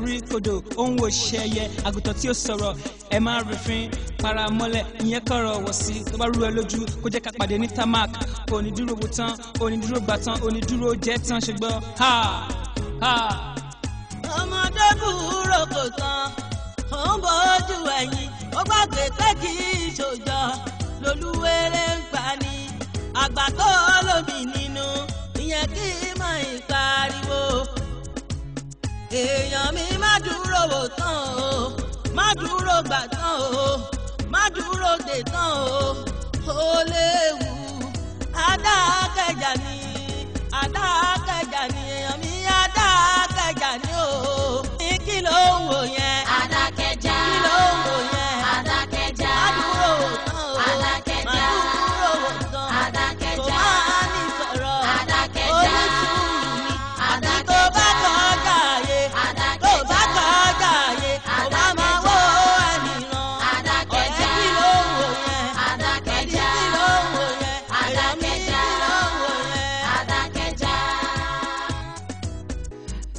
torí kodo ó ń wò ṣẹyẹ àgùntàn tí ó sọ̀rọ̀ ẹ máa rìnfín para mọ́lẹ̀ ìyẹn kọ̀rọ̀ wọ̀ sí tó bá rú ẹ lójú kó jẹ́ ká pàdé ní tamak onídúró wò tán onídúró gbà tán onídúró jẹ́ tán ṣùgbọ́n ha ha. ọmọdé búrò kò tán ó ń bójú ẹ̀yìn ó gbàgbé pé kì í ṣòjọ́ lolúwẹ̀rẹ̀ ń pa ni àgbà tó nínú ìyẹn kì í mọ̀ ìpariwo èèyàn mi má dúró wò tán o má dúró gbà tán o má dúró dè tán o ó léwu adákẹ́jà ni adákẹ́jà ni èèyàn.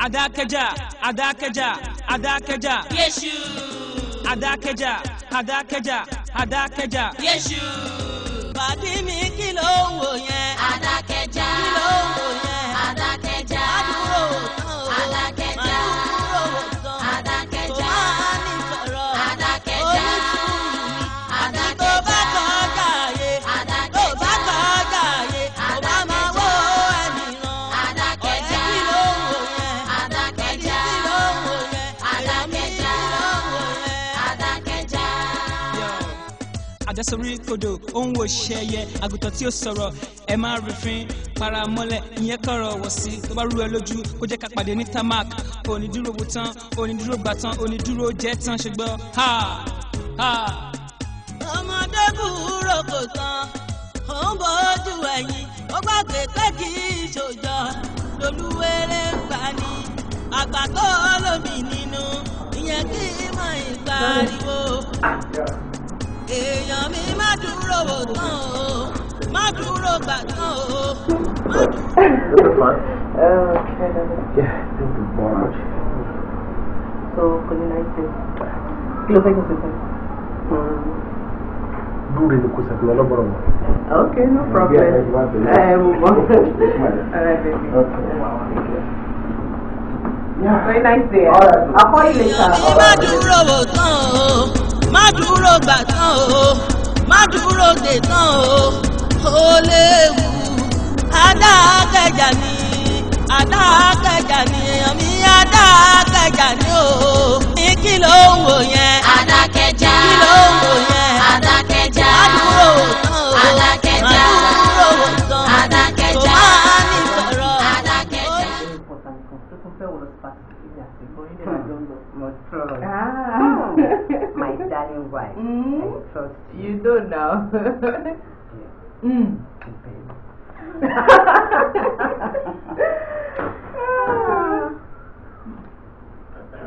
Adakaja, Adakaja, Adakaja, Yeshu. Adakaja, Adakaja, Adakaja, Yeshu. Bàdí mi wò yẹn? àdá sórí kodò òun wò ṣẹyẹ àgùntàn tí ó sọ̀rọ̀ ẹ má rìnfín para mọ́lẹ̀ ìyẹn kọ̀rọ̀ wọ̀ sí tó bá rú ẹ lójú kó jẹ́ ká pàdé ní tamak onídúró wò tán onídúró gbà tán onídúró jẹ́ tán ṣùgbọ́n ha ha. ọmọdé kúrò kò tán òun bójú ẹ̀yìn ó gbàgbé pé kì í ṣòjọ́ lolúwere ń gbà ní àgbà tó nínú ìyẹn kì í mọ ìgbà ariwo. èèyàn mi má dúró wò tán o oh, má dúró gbà tán o má dúró. So, kò ní láì pé kí ló fẹ́ kí n ṣe fún un? dure hmm. ni kusafiri lọ́bọ̀rọ̀ wọn. okay no problem Yeah, i ẹ mo mọ ọ̀rẹ́ bẹbí. very nice day. ọ̀rẹ́ àkọ́yìnlẹ̀ sà. ìyá mi má dúró oh, má dúró gbà tán o má dúró dè tán o ó léwu adákẹ́jà ni adákẹ́jà ni èèyàn mi adákẹ́jà ni o ní kí ló ń wò yẹn adákẹ́jà kí ló ń wò yẹn adákẹ́jà má dúró tán o Darling, why. Mm. you don't know. yeah. mm.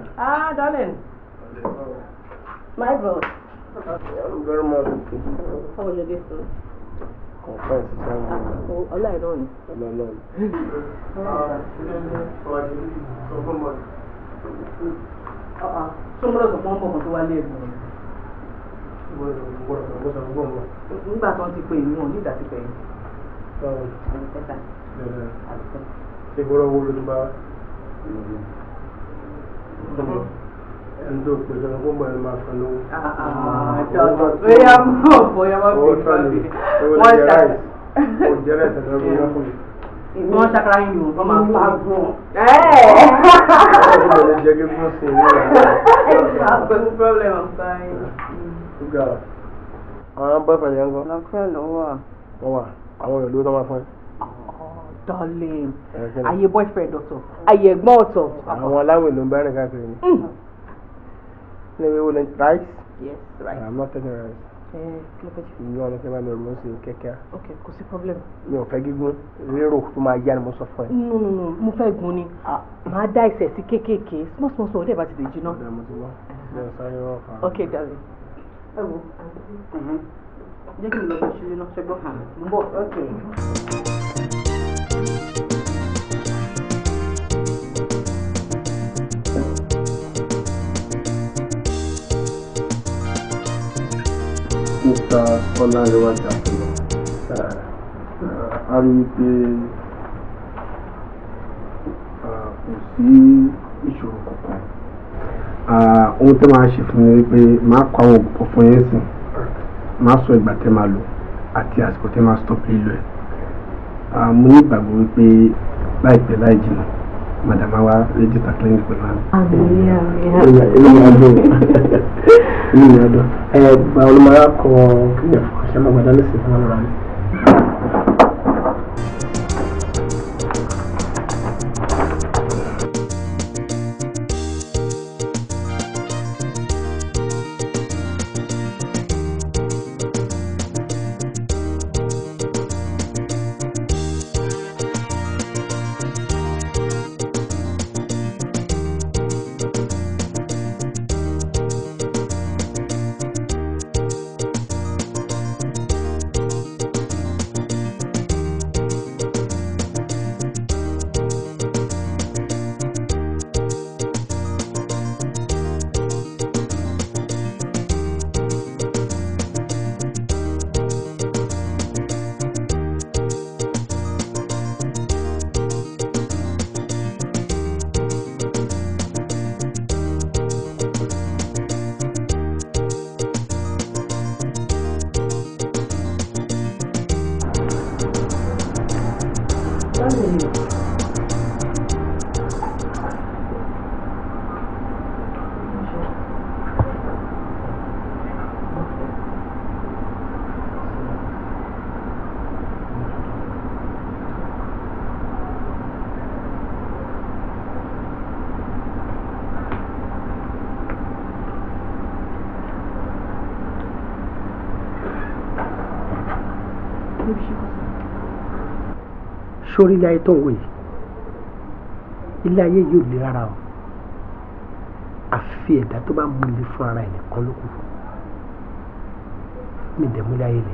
ah, darling. My bro. Very much. How was your day, Confess. Oh, I don't. No, Uh, uh, somebody a nígbà tó ń ti pé ìlú wọn nígbà tí pẹ̀yìn. ṣé gbọ́dọ̀ wo ló ti bá ẹni tó pè sọ́nà fún bọ́ọ̀lù máa fọ́ lówó. bóyá mọ̀ bóyá wọ́n fi ìgbà bí wọ́n ṣàkàrà. wọ́n jẹ́rẹ̀ ìṣẹ̀dá ọdún náà fún mi. ìgbọ́n ṣàkàrà yìí ni wọ́n máa fa gùn. ẹ̀ẹ́dẹ̀ẹ́dẹ́ jẹ́ kí fún sí i. ẹ̀ ẹ́ ṣe àpẹ̀kú pírọ́blẹ̀mù báyìí ga àwọn boyfriend yẹn ń kọ́. lọ́kùnrin ló wà. wọ́n wà àwọn èèyàn ló tọ́ máa fún ẹ. Oh, darling ayé boyfriend ọ̀tọ̀ ayé ẹ̀gbọ́n ọ̀tọ̀. àwọn aláwìn ló ń bẹ́rẹ̀ káàkiri ni. Mm. ní ìwé wo ni rice. yes rice. i'm not taking rice. Eh, Ìyá ọ̀nà kẹ́kẹ́ bá mi rò ó sí kẹ́kẹ́. Ok, kò sí problem. Mi ò fẹ́ gígún rírò tó máa yá ni mo sọ fún ẹ. No no no, mo fẹ́ gun ni. Ah. Màá dá ẹsẹ̀ sí kéékèèké. Small small small, ó dẹ̀ bá ti dè jiná. Ok, darling ẹ wo mhm. jẹ́ kí n lọ bí ṣílé náà ṣẹ́gbọ́n okay. Mr. Ọlárẹwà Jàpọ̀lọ́ a rí i pé kò sí ìṣòro kankan ohun tó máa ṣe fún mi wípé máa kọ àwọn òògùn fún yín sìn máa sọ ìgbà tẹ́ máa lò àti àsìkò tẹ́ máa stop lílo ẹ̀ mo ní ìgbàgbọ́ wípé láìpẹ́ láì jìnnà madama wa register clinic pẹ̀lú àná. inú mi á dùn inú mi á dùn ẹ gba kọ kí ni ẹ̀fọ́ ṣe máa gbàdánù sí fún ọlọ́run. sórí ilé ayé tó ń wò yìí ilé ayé yóò le rárá o àfi ẹ̀dá tó bá mú ilé fún ara ẹ̀ nìkan ló kù mi dẹ̀ mú ilé ayé le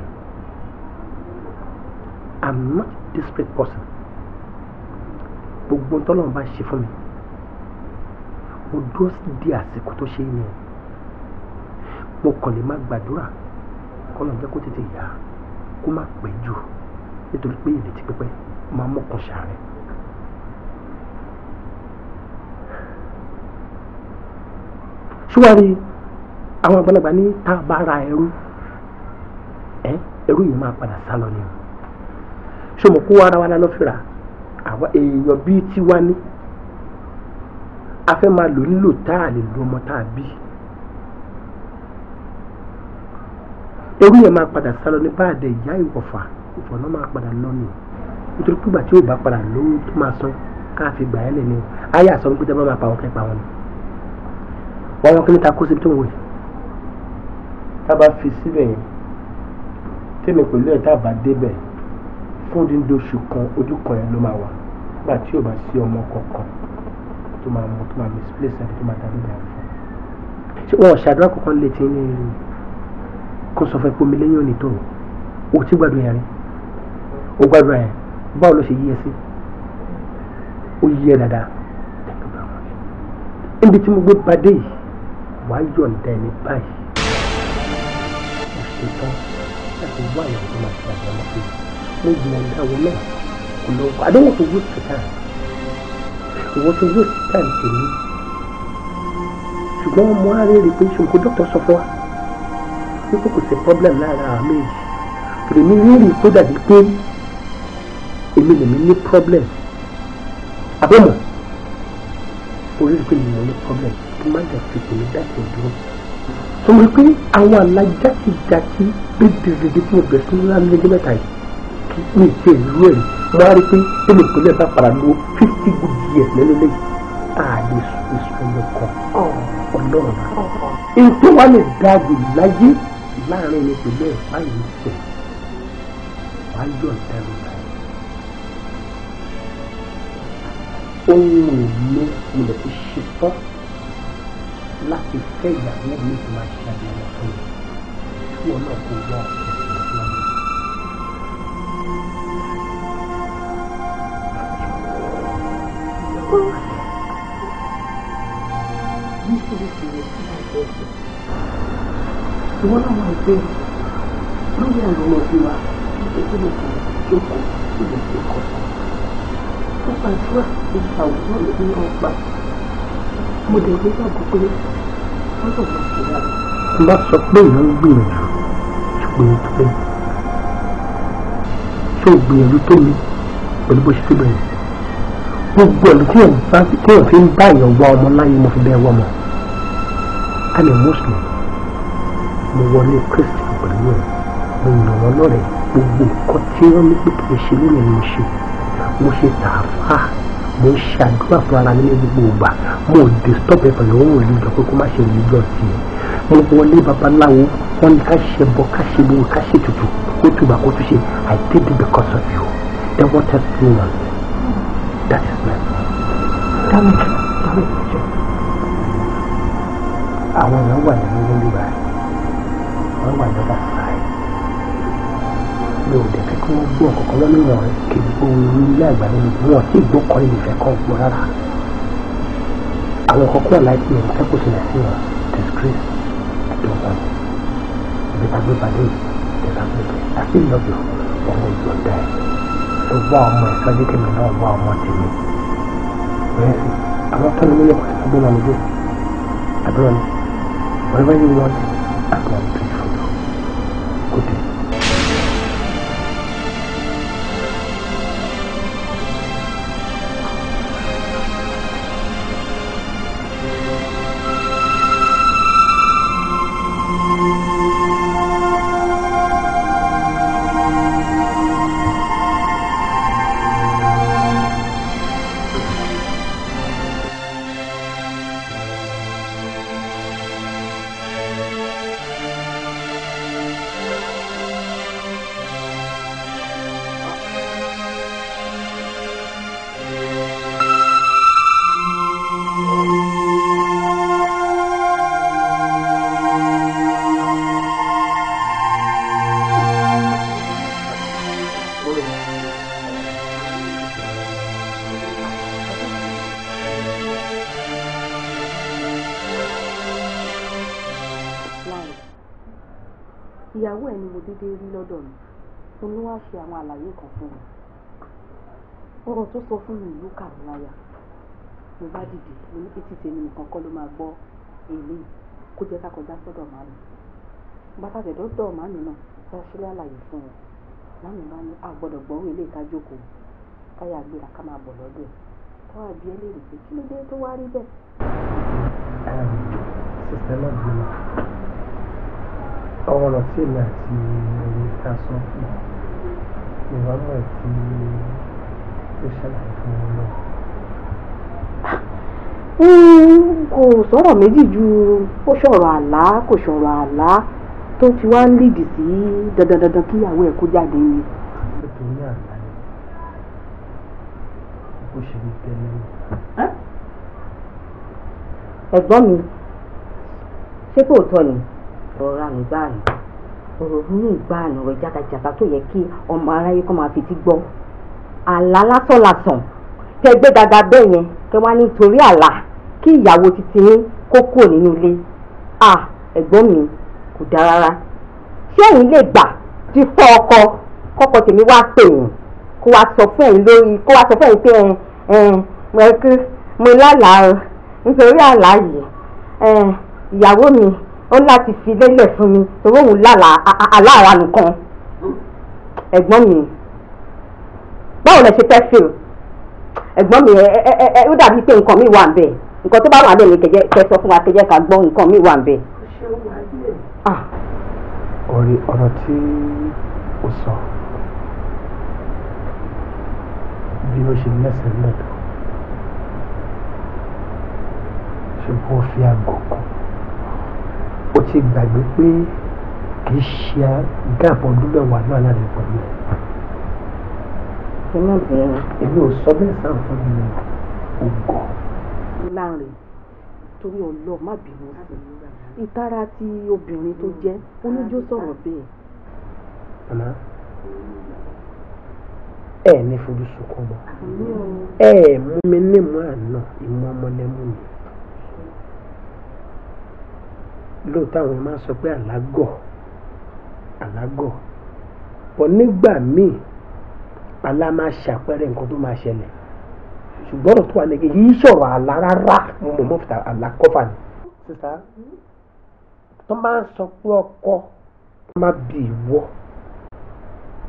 i'm not a desperate person gbogbo ntọ́lọ́run bá ṣe fún mi mo dúró di àsìkò tó ṣe é yẹn mo kàn lè má gbàdúrà kọ́nà jẹ́ kó tètè yá kó má pẹ́ jù nítorí pé ìrètí pípẹ́ máa mọ̀kàn ṣàárẹ̀. ṣúwárí àwọn àgbàlagbà ní tá a bá ra ẹrú ẹ ẹrú yìí máa padà sá lọ ni o ṣé mo kó ara wa lọ fira, àwa èèyàn bíi tiwa ní a fẹ́ máa lò nílò tá a lè lo ọmọ tá a bí ẹrú yẹn máa padà sá lọ ní báàdẹ ìyá ìwọ̀fà ìfọ̀nà máa padà lọ ni nítorí pé ìgbà tí ò bá padà lówó tó máa san ká fi gbà ẹ́ lẹ̀ ayé àsọ wípé tẹ́lẹ̀ máa pa wọn kẹ́ wọn ni wọ́n wọn kí ni ta kó síbi tó ń wò tá a bá fi síbẹ̀ yẹn tèmi pẹ̀lú ẹ̀ tá a bá débẹ̀ fún dídí kan ojú kan yẹn ló máa wà nígbà tí ò bá sí ọmọ kankan tó máa mú tó máa misplace àti tó máa dàbí ìdààmú fún ṣé wọn ò ṣàdúrà kankan lè ti ní kó sọ fún ẹ pé omi lẹ́yìn òní tó o ti gbàdúrà gbàdúrà yẹn báwo ló ṣe yí ẹ sí ó yí ẹ dáadáa níbi tí mo gbé padé yìí wàá yọ̀ǹda ẹni báyìí mo ṣe tán láti wá ìyàwó tó máa ṣe àgbà mọ́tò mo yọ̀ǹda àwọn náà kò lọ I don't want to waste the time ìwọ tó waste the time tèmi ṣùgbọ́n mo á rí rí pé ṣòkò dókítà sọ fún wa wípé kò sí problem lára àwọn méjì pèmí rí rí kó dàbí pé èmi lèmi ní problem àbẹ̀mọ̀ orí pé mi ní problem kí má jà fi tèmi dáṣẹ dúró sọ wọ́n pé àwọn alájákèjákè pédèrèdè tí mo bẹ̀rẹ̀ sí ńlá lẹ́jọ́ mẹ́ta yìí kí mi ti ìlú ẹ̀ mo á rí pé tẹ́lẹ̀ ìpínlẹ̀ bá padà lo fifty good years lẹ́nu lẹ́yìn ààyè ìṣòro kan ọlọ́run èyí tó wà lè dáàbò láyé láàrin ẹni pẹ̀lú ẹ̀ báyìí ń sẹ̀ wáyọ̀ ìdáná ông cái أم من الشقة لا تتكلم مثل ما شاهدنا فيه هو له قوة Ìwọ́n náà máa gbé lórí àwọn ọmọ ìwà tó tó lè kọ́ tó kọ́ tó lè kọ́. ó gbàdúrà ó gba òwúrọ̀ lórí mo dẹ̀ gbé gbàgbọ́ pé wọ́n lọ máa ṣe dáadáa. n bá sọ pé ìyá ń gbìyànjú ṣùgbọ́n ètò ẹ̀ ṣé o gbìyànjú tó mi pẹ̀lú bó ṣe ti bẹ̀rẹ̀ gbogbo ẹ̀lú tí èèyàn fi ń bá èèyàn wá ọmọ láyé mo fi bẹ́ẹ̀ wọ́ ọmọ I'm Muslim mo wọlé Christian pẹ̀lú ẹ̀ mo yàn wọ́n lọ́rẹ̀ẹ́ gbogbo nǹkan tí wọ́n ní pé ṣe lónìí mo ṣe mo ṣe tààfà mo ń ṣàdúrà fún ara mi ní gbogbo mo disturb ẹ pẹ̀lú òun ìlú ìjọ pé kó má ṣe religion tiẹ̀ mo wọlé babaláwo wọn ni ká ṣe bọ ká ṣe lóru ká ṣe tutù kó tùbà kó tù ṣe I did it because of you then what else do you want that is my dami dami ṣe àwọn èèyàn wà nínú olúwa wọn wà ní ọba sáà yóò dé tó gbọ́ kọ̀ọ̀kan lọ́nà ìwọ̀n rẹ̀ kì í gbóhùn ní ilé àgbà nínú wọn tí ìgbó kọ́ ní ìfẹ́ kan gbọ́ rárá. àwọn kọ̀ọ̀kan wà láti ẹ̀yìn fẹ́ kò sílẹ̀ sí wọn disgrace àdọ́gba ìgbépagbébalẹ̀ ìgbépagbébẹ̀ àti ìlọ́gbẹ̀ ọmọ ìjọba ẹ̀ tó wá ọmọ ìsọjí kẹmí náà wá ọmọ tèmi. bẹ́ẹ̀ sì àwọn tó ń lé ọkọ̀ ìgbó wọn lójú àdúrà ni whatever you want I can do it for you. Good Bídé rí lọ́dọ̀ mi òun ló wá ṣe àwọn àlàyé kan fún mi ọ̀rọ̀ tó sọ fún mi ìlú kà láyà mo bá dìde mo ní etí tèmi nìkan kọ́ ló máa gbọ́ èlé kó jẹ́ ká kọjá sọ́dọ̀ bàtà náà ṣe fún bá ní a gbọ́dọ̀ gbọ́ òun èlé ká jókòó káyà gbéra ká máa bọ̀ lọ́dọ̀ ẹ̀ ẹlẹ́rìí pé kí ló dé tó wá rí bẹ́ẹ̀. ọ̀rọ̀ tí èmi àti ẹni tá sọ fún ìwádìí ẹ̀ tí ó fún wọn náà. kò sọ̀rọ̀ méjì ju ó sọ̀rọ̀ àlá kò sọ̀rọ̀ àlá tó fi wá ń lìdì sí dandan dandan kí ìyàwó ẹ̀ kó jáde ni. ẹ̀gbọ́n mi ṣé kò tọ́ ni. ọ̀rá mi báyìí ọ̀rọ̀ burú ìgbàanì ọ̀rọ̀ ọmọ aráyé kọ́ máa fi gbọ́ àlá lásán lásán tẹ dada bẹ́ẹ̀ yẹn kẹ wá àlá kí ìyàwó titi yín kó kúrò nínú ilé à ẹ̀gbọ́n mi kò rárá ti fọ́ ọkọ kọ́kọ́ tèmi wá pè kó wá sọ fún ẹ̀yin lórí kó wá sọ fún ẹ̀yin pé mo lálàá nítorí àlá mi ó láti fi lélẹ̀ fún mi torí òun aláàrá nìkan ẹ̀gbọ́n mi báwo lẹ ṣe fẹ́ fè o ẹ̀gbọ́n mi ẹ ó dàbí pé nǹkan mi wà ń bẹ̀ nǹkan tó bá wà ń bẹ̀ ní kẹjẹ kẹ sọ fún wa kẹjẹ ká gbọ́ nǹkan mi wà ń bẹ̀. ọ̀rẹ́ ah. ọ̀rọ̀ tí o sọ bí o ṣe mẹ́sẹ̀ lẹ́tọ̀ọ́ ṣe bó fi àgọ́ kù ó ti gbàgbé pé kì í ṣe gáàpù ọdún mẹ́wàá náà láti pẹ̀lú ẹ̀. èmi ò sọ bẹ́ẹ̀ sáà fún mi ògọ̀. láàrin torí ọlọ má bínú sí ìtara ti obìnrin tó jẹ́ oníjó sọ̀rọ̀ bẹ́ẹ̀. màmá ẹ ní fojú sunkún mọ́ ẹ mú mi ní ìmọ̀ àná ìmọ̀ ọmọlẹ́mú mi. lóòótọ́ àwọn máa ń sọ pé àlágọ̀ àlágọ̀ pọ̀ nígbà míì àlá máa ṣàpẹẹrẹ nǹkan tó máa ṣẹlẹ̀ ṣùgbọ́n ọ̀rọ̀ tó wà lẹ́gẹ̀ẹ́ yìí sọ̀rọ̀ àlá rárá mo mọ̀ mọ́fìtà àlá kọ́fà ni. sísá tó máa ń sọ pé ọkọ máa bì wọ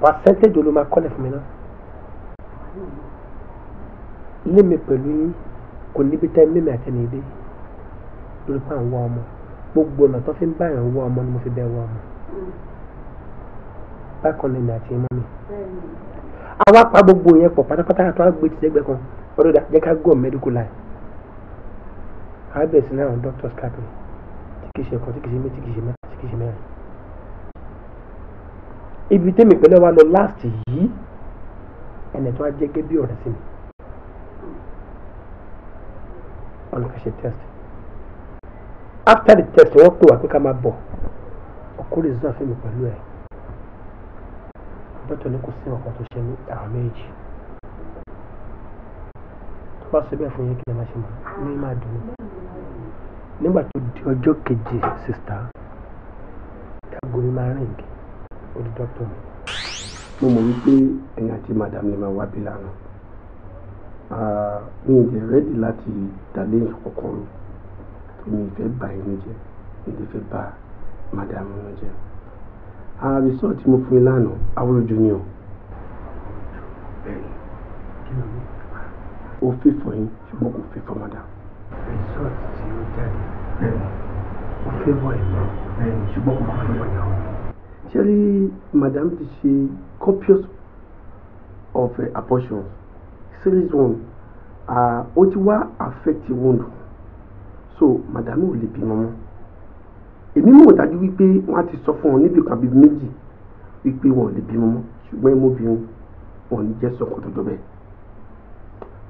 pàṣẹ́ntéèjì ló máa kọ́lẹ̀ fún mi náà lémi pẹ̀lú yín kò níbi tẹ́ mímì àtẹnìdé lórí pàǹwá ọmọ gbogbo ọ̀nà tó fi ń báyàn wá ọmọ ni mo fi bẹ́ẹ̀ wá ọmọ bákan lè nà àti ẹ̀mọ́ mi. àwa pa gbogbo yẹn pọ̀ pátápátá àti àgbè ti sẹ́gbẹ̀ẹ́ kan ọdún dà jẹ́ ká gọ̀ medical line àbẹ̀ sí náà doctors káàkiri tí kìí ṣe ẹ̀kọ́ tí kìí ṣe méjì tí kìí ṣe mẹ́ta tí kìí ṣe mẹ́rin. ibi tẹ́mi pẹ̀lú wa lọ last yìí ẹnì tó a jẹ́ gẹ́gẹ́ bí ọ̀rẹ́ sí mi ọ̀nà kà ṣe test after the test wọ́n pè wá pé ká máa bọ̀ ọkọ lè zan fún mi pẹ̀lú ẹ̀ dọ́tọ̀ ní kò sí ọ̀kan tó ṣe ní àwọn méjì tó bá ṣe bẹ́ẹ̀ fún yín kí ẹ má ṣe mọ̀ ní má dùn ún nígbà tó di ọjọ́ keje sista ẹ̀gbọ́n mi máa rìn kí ó di dọ́tọ̀ mi. mo mọ̀ wípé ẹ̀yin àti madam lè máa wá bí lánàá ah, mi ò jẹ́ rẹ́dì láti dàlẹ́ ìkọ̀kan mi mi ì bà ẹni jẹ́ mi fẹ́ bà madam náà àwọn result tí mo fún yín lánàá awúrò junior bẹ́ẹ̀ni fi fún yín ṣùgbọ́n kò fi fún madam. result tí ó jáde bẹ́ẹ̀ni ó fi fún yín bẹ́ẹ̀ni ṣùgbọ́n kò fi fún yín. ṣé madam ti ṣe copious of uh, abortion series one ah, ó ti wá affect wound so màdàmú ò lè bímọ mọ́ èmi mọ̀ dájú wípé wọ́n á ti sọ fún wọn níbi kan bíi méjì wípé wọn ò lè bímọ mọ́ ṣùgbọ́n ẹmọ́bìnrin wọn ò ní jẹ́ sọ̀kọ̀ tó dọ́bẹ̀.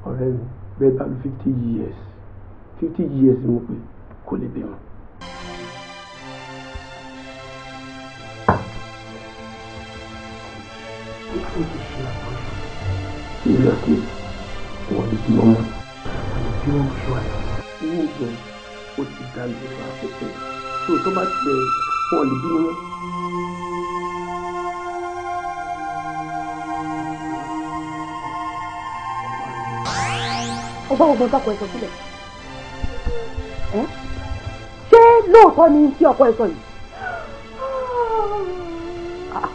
ọ̀rẹ́ mi bẹ́ẹ̀ bá lu fifty years fifty years mo pé kò lè bímọ. Seriously, wọ́n lè bímọ mọ́. Wọ́n lè bímọ mọ́ ṣọ́ọ̀yà ó ti dá ìjọba afẹ́fẹ́ tó tó bá ti bẹ̀rẹ̀ fún ọ̀lẹ́ bí wọ́n. ó bá gbogbo ọkọ ẹ̀sọ́ sílẹ̀ ṣé lóòótọ́ ni tí ọkọ ẹ̀sọ́ yìí ah.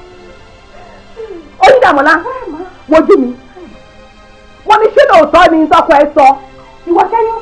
onídàmọ́lá wojú mi wọ́n ní ṣé lóòótọ́ ni tọkọ ẹ̀ sọ ìwọ sẹ́yìn.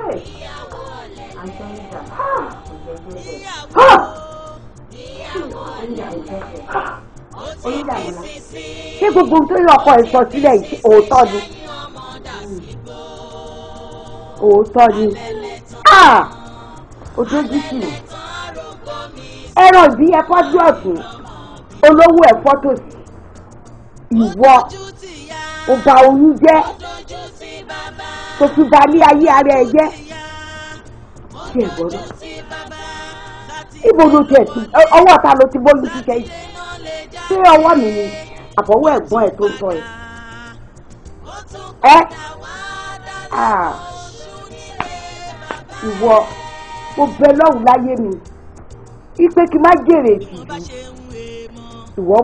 ṣé gbogbo ohun tó yọ ọkọ ẹ sọ sílẹ̀ yìí òótọ́ ni òótọ́ ni ojoojú ah! sí ẹran bí ẹ̀fọ́ bí ọ̀tún olówó ẹ̀fọ́ tòsí ìwọ ọba oyún jẹ́ tó fi ba ní ayé ara ẹ jẹ́ ṣe ìgbọ́dọ̀ ibo ló tiẹ̀ ti ọwọ́ ta ló ti bólú kíkẹ́ yìí ṣé ọwọ́ mi ni àbọ̀wọ́ ẹ̀gbọ́n ẹ̀ tó ń tọ́ ẹ. ẹ ìwọ mo bẹ lọ́hùn láyé mi ipe kí n má jèrè tìjú ìwọ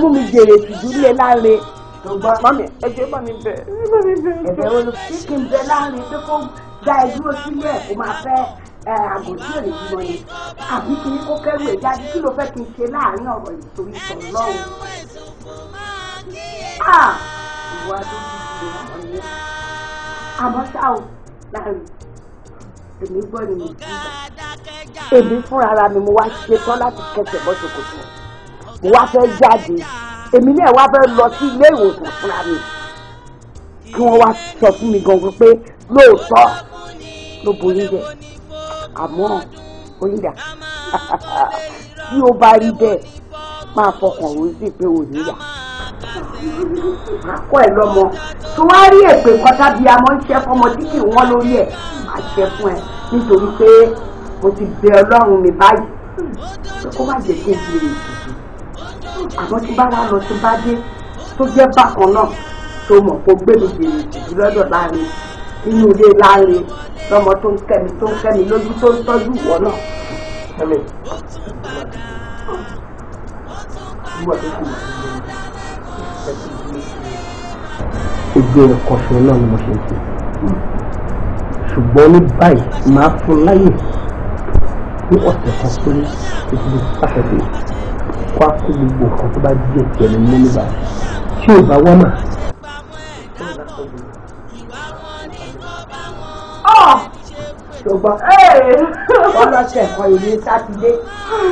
mú mi jèrè tìjú ní láre tó gbọ́. mami ẹjẹ bá mi bẹ̀ ẹ̀bẹ̀ wo ló fi kí n bẹ láàrin pé kó gba ẹdúró sílẹ̀ kó máa fẹ́ àgò èrè bímọ ni àbí kí ni kó kẹ́rù ẹ̀ jáde kí ló fẹ́ kí n ṣe láàrin ọ̀rọ̀ ìtòrí sọ̀rọ̀ lọ́wọ́. ìwà tó ti di ọmọ yẹn àmọ́ ṣá o láàrin èmi gbọ́ ni mo ti gbà èmi fúnra mi mo wá ṣetán láti kẹsẹ̀ bọ́ mo wá fẹ́ jáde èmi náà wá fẹ́ lọ sí ilé ìwòsàn fúnra mi kí wọ́n wá sọ fún mi gangan pé lóòótọ́ ló borí rẹ̀ àmọ́ oyinda tí ó bá rí bẹ́ẹ̀ máa fọkàn òun sí pé òun níyà akọ ẹ lọmọ tó wá rí èpè kọta bíi amọ̀ ń ṣe fọmọ tí kì í wọ́n lórí ẹ̀ máa ṣe fún ẹ nítorí pé mo ti bẹ ọlọ́run mi báyìí kó má jẹ́ kó di èyí ṣùgbọ́n tí bá wà lọ tí bá dé tó jẹ́ bákan náà tó mọ̀ kó gbé mi jèrè jù lọ́dọ̀ láàrin inú ilé láàrin lọ́mọ tó ń kẹ́mi tó ń kẹ́mi lójú tó ń tọ́jú ìwọ náà. ẹ̀mí ìwọ tó kù ojú ẹ̀kọ́ ṣe náà ni mo ṣe ń ṣe ṣùgbọ́n ní báyìí máa fún láyè ní ọ̀sẹ̀ kan péré ìdílé pàṣẹ pé kó akó gbogbo nǹkan tó bá díẹ̀ tiẹ̀ ní mú nígbà tí ò bá ah! wọ́n mà. sátidé sátidé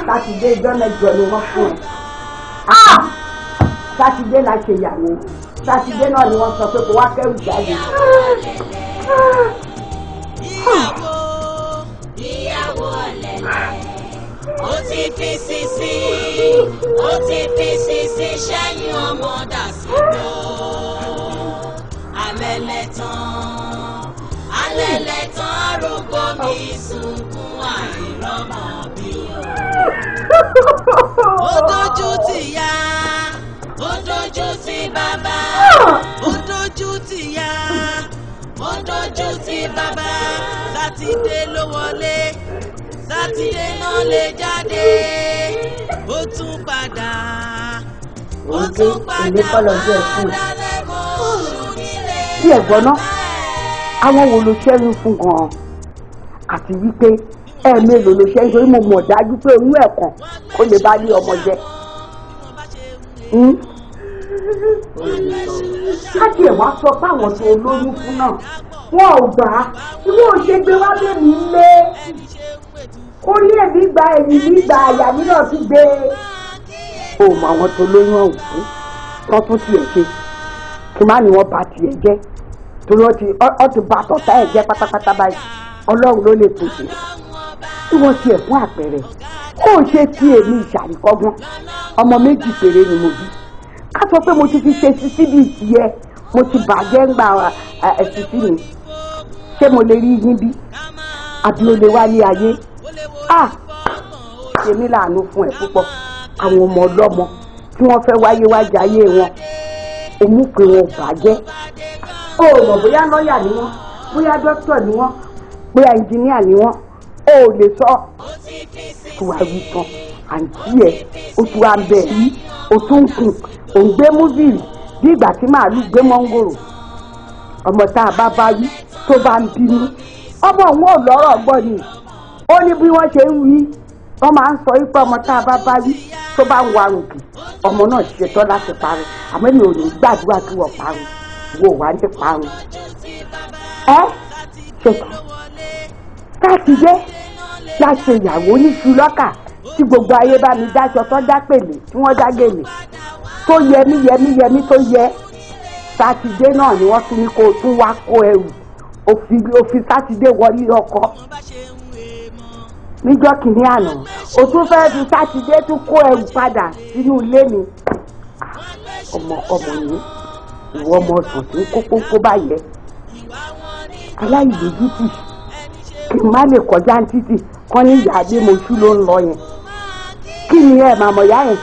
ah! ṣe ìyàwó sátidé náà ni wọ́n sọ pé kó wá kẹ́rù jáde. Ah! ìyàwó ìyàwó ọ̀lẹ́lẹ̀ ó ti fi sisi ó ti fi sisi sẹ́yìn ọmọ dà sí lọ alẹ́lẹ̀ tán alẹ́lẹ̀ tán arúgbó mi sunkún àìrọ́mọ bí o ó dojú tìyá ó dojú ti bàbá ó dojú tìyá ó dojú ti bàbá sátidé ló wọlé sátidé náà lè jáde ó tún padà ó tún padà máa dálẹ́ mọ́ òun nílé bí ẹ̀gbọ́n náà àwọn wo ló ṣẹ́yìn fún gan-an àti wípé ẹ̀ẹ̀mélòó ló ṣẹ́yìn torí mo mọ̀ dájú pé oyún ẹ̀kan kó lè bá ní ọmọ jẹ hmm? káàdì ẹ̀ wá sọ fáwọn tó lóyún fún náà wọn ò gbà á wọn ò wá lé mi lé orí èmi gba èmi mi gba àyà mi náà ti gbé. E. o mọ àwọn tó lóyún ọ̀hún fún tán tún tiẹ̀ ṣe kí má ní wọ́n bà tiẹ̀ jẹ́ torí wọ́n ti bà tọ̀tá ẹ̀ jẹ́ pátápátá báyìí ọlọ́run ló lè pèsè tí wọ́n tiẹ̀ fún àpẹẹrẹ kó o ṣe tí èmi ìṣàríkọ́gbọ́n ọmọ méjì péré ni mo bí ká sọ pé mo ti fi ṣe sisi bíi tiẹ̀ mo ti bàjẹ́ ń gba ẹ̀sìn sí mi ṣé mo lè rí yín bí àbí o lè wá ní ayé ah èmi làánú fún ẹ púpọ̀ àwọn ọmọ ọlọ́mọ tí wọ́n fẹ́ wáyé wájà ayé wọn omi pé wọn bàjẹ́ o mọ̀ bóyá lọ́ọ̀yà ni wọ́n bóyá dókítà ni wọ́n bóyá ẹnjìníà ni wọ́n o ò lè sọ tiwa wí tán àǹtí ẹ o tún wá ń bẹ yìí o tún ń kun ò ń gbé múvìlì bí ìgbà tí màálù gbé mọ́ngòrò ọmọ tá a bá bá wí tó bá ń bínú ọmọ òun ò lọ́rọ̀ gbọ́ ni ó ní bí wọ́n ṣe ń wí wọ́n máa ń sọ wípé ọmọ tá a bá bá wí tó bá ń wa rògbò ọmọ náà ṣe tán láti parun àmọ́ èmi ò ní gbàdúrà kí wọ́n parun wo wà ní parun. ẹ ṣètò sátidé la ṣe ìyàwó ní ṣùlọ́kà tí gbogbo ayé bá mi dáṣọ tó dá pèlè tí wọ́n dá gèlè tó yẹmí yẹmí yẹmí tó yẹ sátidé náà ni wọ́n tún ní kó tún wá kó ẹrù òfin sátidé wọlé ọkọ níjọ́ kìíní àná o tún fẹ́ fi sátidé tún kó ẹrù padà sínú ilé mi ọmọ ọmọ yìí ìwọ ọmọ ọsàn tí ń kó kókó báyìí rẹ aláìlójútì kí n má lè kọjá títì kán ní ìyá agbémoṣú ló ń lọ yẹn kí ni ẹ màmọ ìyá yẹn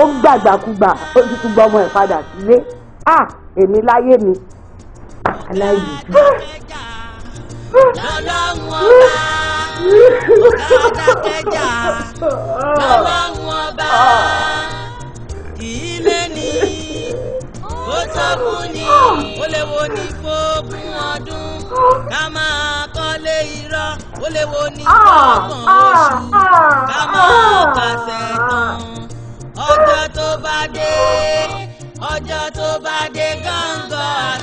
ó gbàgbàkúgbà ó ti tún gbọmọ ẹ padà sílé à èmi láyé mi aláìlójútì lọ́lọ́run ọba ọ̀gá ọ̀gákẹ́jà lọ́lọ́run ọba kì í lé ní ó tọ́kù ní ó lè wo ní fógún ọdún ká máa kọ́lé irọ́ ó lè wo ní fọ́gbọ̀n oṣù ká máa pàṣẹ ọjọ́ tó bá dé gángan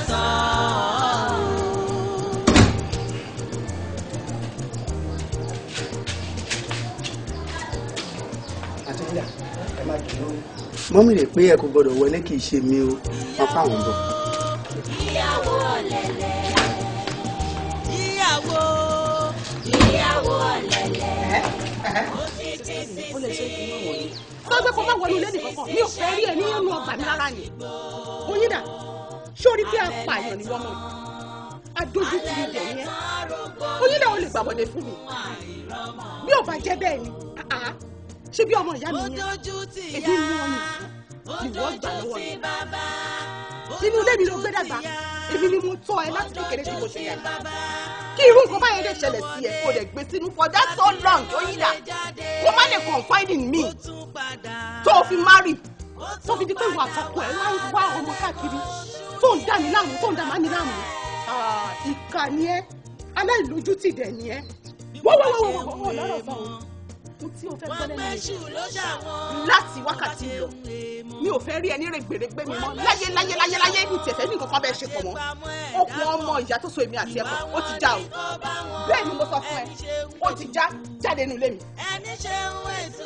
mọ́mí rè pé ẹ kò gbọ́dọ̀ wọlé kì í ṣe mi o wọn fáwọn bọ̀. ìyàwó ọ̀lẹ̀lẹ̀ ìyàwó ìyàwó ọ̀lẹ̀lẹ̀ ó ti ti sí sí. gbọ́dọ̀ kó má wọlé ilé nìkan kan mi ò fẹ́ rí ẹ nínú ọgbà mi rárá ni oyin dà sórí tí a pààyàn ni wọ́n mọ̀ adójútì mi dẹ̀ yẹn oyin dà ó lè gbà fún mi bí ò bá jẹ́ bẹ́ẹ̀ ni. Ah, ah ṣé bí ọmọ ìyá mi yẹn èdè ń wọ́n ni ìwọ gbà lọ́wọ́ mi sínú ilé mi ló gbé dàgbà èmi ni mo tọ́ ẹ láti kékeré tí mo ṣe yà kí irú nǹkan báyẹn lè ṣẹlẹ̀ sí ẹ kó lè gbé sínú for that so long tó yí dà kó má lè confide me tó o fi marry tó fi di pé ìwà àkọ́kọ́ ẹ̀ wá ń wá ọmọ káàkiri tó ń dà mí láàmú tó ń dà má mi láàmú ìkà ẹ aláìlójútì dẹ̀ ni ẹ wọ́wọ́wọ́wọ́ ọ̀làrọ̀ fún ọ ẹkún tí o fẹ́ gbọ́ lẹ́nu rẹ̀ láti wákàtí lọ mi ò fẹ́ rí ẹni rẹ̀ gbèrègbè mi mọ́ láyé láyé láyé láyé ní tiẹ̀fẹ́ ní nǹkan kan bẹ́ẹ̀ ṣe pọ̀ mọ́ okùn ọmọ ìyá tó so èmi àti ẹ̀kọ́ ó ti já o bẹ́ẹ̀ ni mo sọ fún ẹ ó ti já jáde nínú ilé mi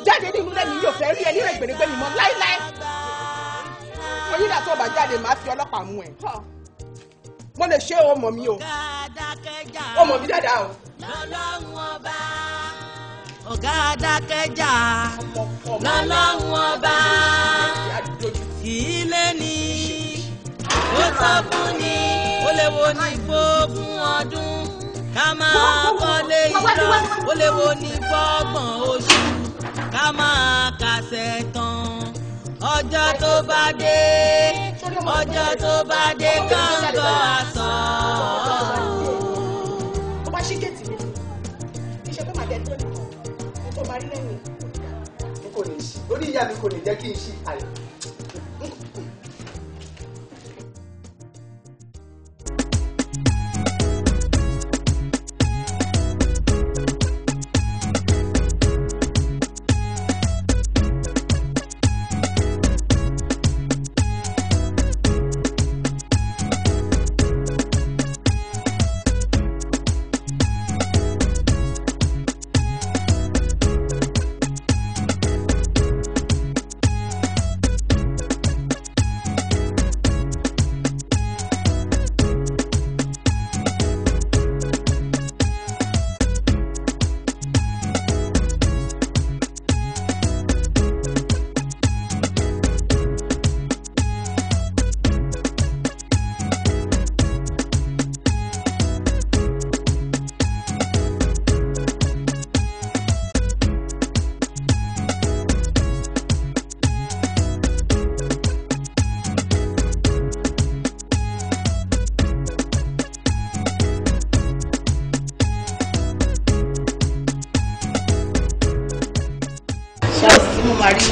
jáde nínú ilé mi mi ò fẹ́ rí ẹni rẹ̀ gbèrègbè mi mọ́ láíláí onídàá tó bá jáde màá fi ọlọ́pàá mú ẹ mo lè ṣe ọmọ mi o ọmọ mi dáadáa o. lọ́lọ́run ọba ọ̀gá adákẹ́jà lọ́lọ́run ọba kì í lé ó sọ fún ni ó lè wo ní fógún ọdún ká máa kọ́lé ìlọ ó lè wo ní fọ́gbọ̀n oṣù ká máa kàṣẹ tán ọjọ́ tó bá dé ọjọ́ tó bá dé kọ́ńgọ́ àsọ. orí ìyá mi kò lè jẹ́ kí n ṣì àyè. mo máa rí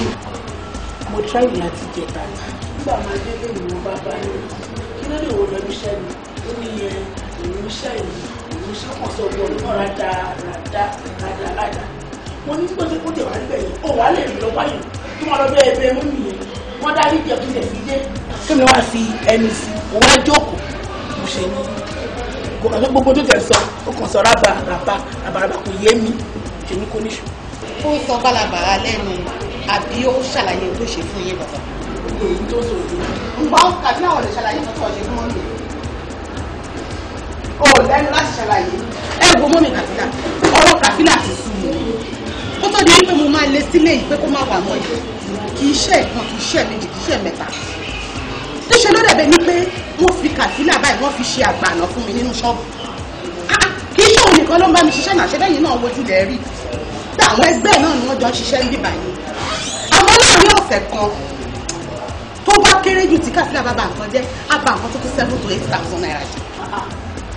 mo tíráìlì àti jẹta nígbà máa délé ìwọ bàbá yẹn kí ló lè wọ lọ níṣẹ́ ó ní yẹn òun iṣẹ́ yìí òun iṣẹ́ kan náà rádá rádá rádá rádá mo ní pé kó tẹ̀ wá níbẹ̀ yìí ó wà lè lọ wáyé tó máa lọ bẹ́ẹ̀ bẹ́ẹ̀ mú mi wọ́n dá níjẹ̀ kí tẹ̀ sí kí mi wá fi ẹni sí òun á jókòó mo ṣe ní gbogbo tó tẹ̀ sọ ó kàn sọ rábà rábà rábà rábà kò yé mi ṣèmi kò níṣòro tó sọ bálabàá lẹ́nu àbí ó ṣàlàyé tó ṣe fún yín bàbá. gbogbo èyí tó sọ òdu. ǹgbọ́n tàbí àwọn olùṣàlàyé tó tọ̀ ṣe fún wọn nìyẹn. o lẹ́nu láti ṣàlàyé. ẹ wo mọ́mí kàfílà ọ̀rọ̀ kàfílà ti sùn mí. kó tó di wípé mo máa lé sílé yìí pé kó má wà mọ́ yìí kì í ṣe ìkan kì í ṣe méjì kì í ṣe mẹ́ta níṣẹ́ ló dẹ̀bẹ̀ ni pé wọ́n fi kàfílà báyìí wọ́n fi ṣe àgbààná fún mi nínú ṣọ́ọ̀bù ah, ah, kì í ṣe òun nìkan ló ń bá mi ṣiṣẹ́ náà ṣe lẹ́yìn náà wojú lẹ́ẹ̀rí tá àwọn ẹgbẹ́ náà ni wọ́n jọ ń ṣiṣẹ́ ń bíbà yìí àwọn láàrin ọ̀sẹ̀ kan tó bá kéré jù tí kàfíà bá ba nǹkan jẹ́ á ba nǹkan tó tó seven to eight thousand naira jù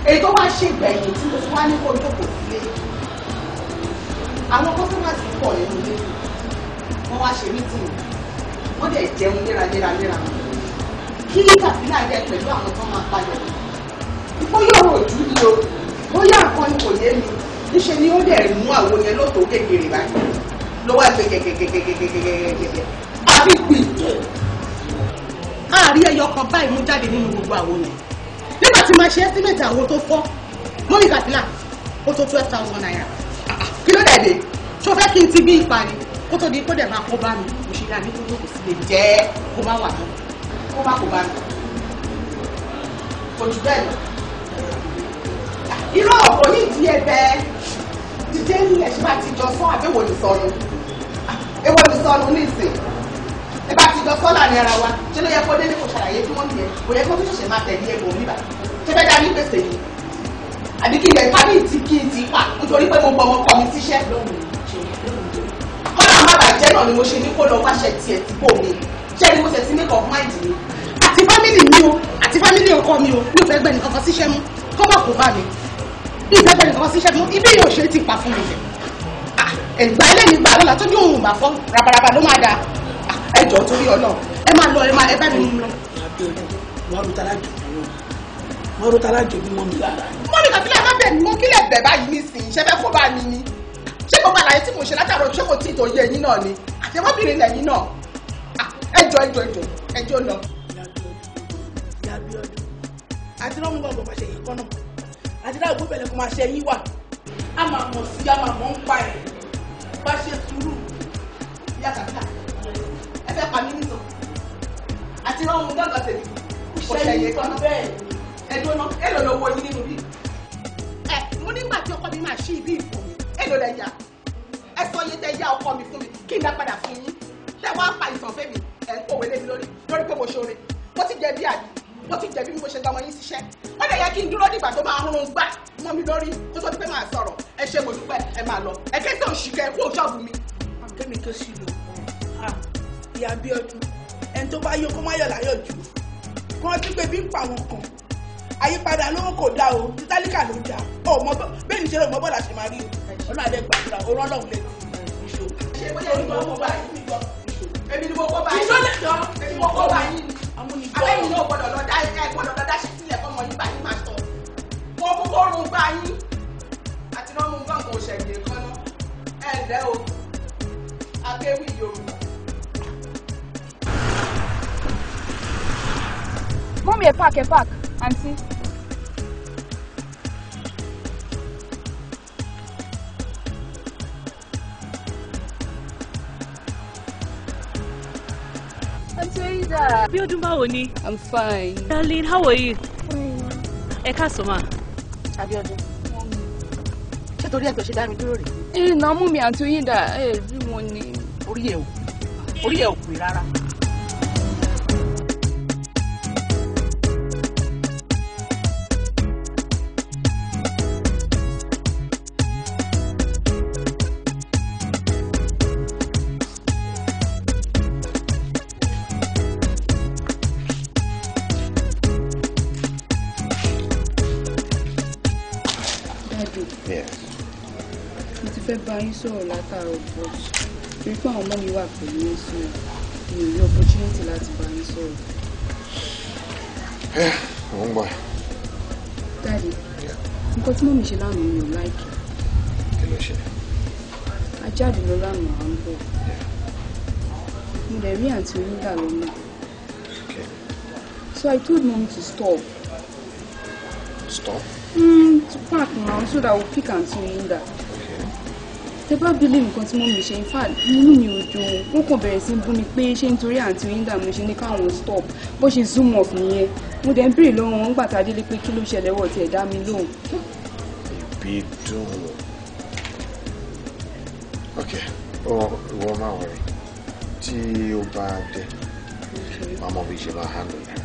èyí tó wá ṣègbẹ̀yìn tí mo ti wá ní kó jókòó sílé àwọn customers pọ̀ nínú ilé wọ́n wá ṣe meeting wọ́n dẹ̀ jẹun léraléra léra kí kàfíà jẹ pẹ̀lú àwọn tó máa padà ìfọ́yọ̀rọ̀ òjú ni o bóyá nǹkan ni kò yé mi níṣẹ́ ni ó dẹ̀ mú àwo yẹn lọ́tọ̀ kékeré báyìí ló wá pé kẹ̀kẹ̀kẹ̀kẹ̀kẹ̀kẹ̀kẹ̀kẹ̀ àbí pè máa rí ẹyọ kan báyìí mú jáde nínú gbogbo àwo yẹn nígbà tí máa ṣe estimate àwo tó fọ́ mọ́mí kàtìlà ó tó twelve thousand naira kí ló dẹ̀ dé tó fẹ́ kí n ti bí ipa ni kó tó di kó dẹ̀ máa kó bá mi mo ṣe dáadé tó tó kò sí lè jẹ́ kó bá wà náà kó bá kó bá mi kò jù bẹ́ẹ̀ lọ irú ọ̀pọ̀ ní ìdí ẹgbẹ́ dídé ní ẹ̀ṣẹ̀ bá ti jọ sán àbẹ̀wò ìsọnù èwo ìsọnù ní ìsìn ẹ bá ti jọ sán láàrin ara wa ṣé ló yẹ kó délé kò ṣàlàyé fún wọn yẹn kò yẹ kó tún ṣẹ̀ṣẹ̀ máa tẹ̀lé ẹ̀bùn mi bá ṣé fẹ́ dá gbèsè yìí àbí kí ilẹ̀ ká ní ìtì kí ìtì pa nítorí pé mo gbọ́ wọn kọ́ mi síṣẹ́ kọ́nà má bàjẹ́ náà ni mo ṣe ní kó lọ wáṣẹ tiẹ̀ tí kò mi ṣé ni mo ṣe ti make up mind mi àti fámìlì mi o àti fámìlì ọkọ mi o mi ò fẹ́ gbẹ nìkan kan síṣẹ́ mú kọ́ kò bá mi ìfẹ́ bẹ̀rẹ̀ sọ́kọ́ sí ṣẹ́gun ibi yóò ṣe ti pa fún mi ẹ̀gbá ẹlẹ́ni gbà lọ́la tó ní òun bà fọ́ rabaraba ló máa da ẹ jọ̀ọ́ torí Ọlọ́run ẹ máa lọ ẹ máa ẹ bá mi lọ. wọ́n rú tara jò ní wọ́n rú tara jò ní wọ́n mi lára. wọ́n ní kàfílẹ̀ má bẹ̀ mú kílẹ̀ bẹ̀ báyìí nísìnyí ṣẹ́ fẹ́ fọ́ bá mi ni ṣé gbogbo àlàyé tí mo ṣe látàrọ ṣé kò tí ì tó yé ẹ̀yin náà ni àtẹwọ́bìnrin ẹ àti dáàbò bẹ̀rẹ̀ kó máa ṣe yín wà á máa mọ̀ sí á máa mọ̀ ń pa ẹ̀ bá ṣe sùúrù ìyá kàkà ẹ fẹ́ pa mí nìkan àti ráhùn gàgà tèmi kò ṣẹyìn kan bẹ́ẹ̀ ẹ̀dùn ọ̀nà ẹ lọ lọ wọ yín nínú bí. ẹ mo nígbà tí ọkọ mi máa ṣí ibi ìfọ mi ẹ lọ lẹ yá ẹ sọ iye tẹ yá ọkọ mi fún mi kí n dá padà fún yín tẹ wá pa ìtàn fẹ́ mi ẹ ń kó mi lórí lórí pé mo ṣoore mo ti jẹ bí àbí mo ti jẹ̀bi bí mo ṣe gba ọmọ yín ṣiṣẹ́ ó lè yẹ kí n dúró dìgbà tó máa rún gbà mọ́ mi lórí kó tó di pé máa sọ̀rọ̀ ẹ ṣe mo dúpẹ́ ẹ máa lọ ẹ kẹ́tọ̀ òṣìkẹ́ kú òjọ́ọ̀bù mi. kémi tó sì lò ìyá bí ẹni tó bá yọ kó má yọ láyọ̀ jù kó rántí pé bí ń pa àwọn kan àyípadà lówó kò dáa o títálíkà ló dáa ó mọ bẹ́ẹ̀ ni ṣe ló mọ máa rí o ọlọ́run àdé gbàdúrà ó rán lọ́hùn abẹ́yìn náà gbọ́dọ̀ lọ dá ẹ gbọ́dọ̀ lọ dá sí fọmọ yín bá yín máa tọ̀ mo kúkú rún bá yín àti náà mú gbọ́ngàn òṣèlè kan náà ẹ ǹlẹ́ o akéwì yorùbá. mọ́mí ẹ̀ pààkì ẹ̀ pààkì àǹtí. sir. Bíọ́dún báwo ni? I'm fine. Darling, how are you? Ẹ káàsán ma. Abíọ́dún. Ṣé torí ẹ̀gbẹ́ ṣe dá mi dúró rè? Ìnà eh, mú mi àti Oyinda ẹ̀ eh, rí wọn ni. Orí ẹ̀ ò pè rárá. sọ̀rọ̀ látàárọ̀ but torí pé àwọn ọmọ mi wà pẹ̀lú mi so mi ò rí opportunity láti bá mi sọ̀rọ̀. Eh, ẹ ò ń gbà. dáàdi nǹkan tí mọ̀mí ṣe lánàá mi ò láìkì. kí ló ṣe. a jáde lọ lánàá à ń bọ̀. mo lè rí àǹtí onígbà lọ́nà. So I told mom to stop. Stop? Mm, to park now so that we'll pick Auntie Linda tẹ bá bí lè nǹkan tí mo mi ṣe infact inú mi ò dùn ó kàn bẹ̀rẹ̀ sí bú mi pé ṣé nítorí àǹtí yín dààmú ṣe ní káwọn stop bó ṣe zoom off nìyẹn mo dẹ̀ ń béèrè lọ́wọ́ wọn gbà tá a pé kí ló ṣẹlẹ̀ wọ̀ tiẹ̀ dá mi lóhùn. ibi dùn ok ìwọ máa wọrẹ tí o bá dé màmá mi ṣe máa handle it.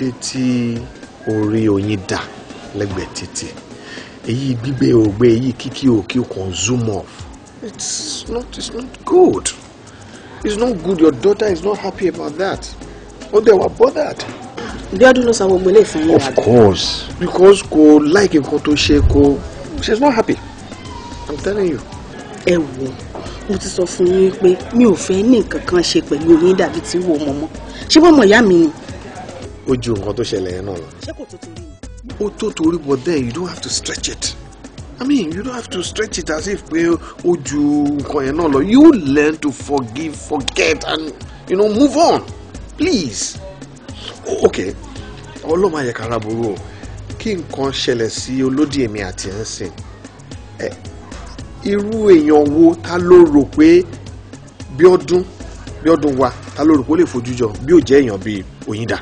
dé tí orí oyin dà lẹ́gbẹ̀ẹ́ títì èyí gbígbé ògbé èyí kíkí òkè kan zoom off it's not it's not good it's not good your daughter is not happy about that ó dẹ̀ wá bothered. Bíọ́dún ló sọ gbogbo ilé ìfún yín. Of course because kò like nǹkan tó ṣe kò she is not happy I'm telling you. ẹ wo mo ti sọ fún yín pé mi ò fẹ́ ní nǹkan kan ṣe pẹ̀lú oyin dàbí tí wò mọ́mọ́ ṣé wọ́n mọ̀ ìyá mi ni ó ju nǹkan tó ṣẹlẹ̀ yẹn náà lọ. ó tó torí but then you don't have to stretch it. I mean you don't have to stretch it as if pé ó ju nǹkan yẹn náà lọ. You learn to forgive, forget and you know, move on please. Okay ọlọ́mọ ayẹ̀kára burú o kí nǹkan ṣẹlẹ̀ sí olódì èmi àti ẹ̀ ń sìn irú èèyàn wo ta ló rò pé Bíọ́dún Bíọ́dún wa ta ló rò pé ó lè fojú jọ bí ó jẹ́ èèyàn bíi Oyinda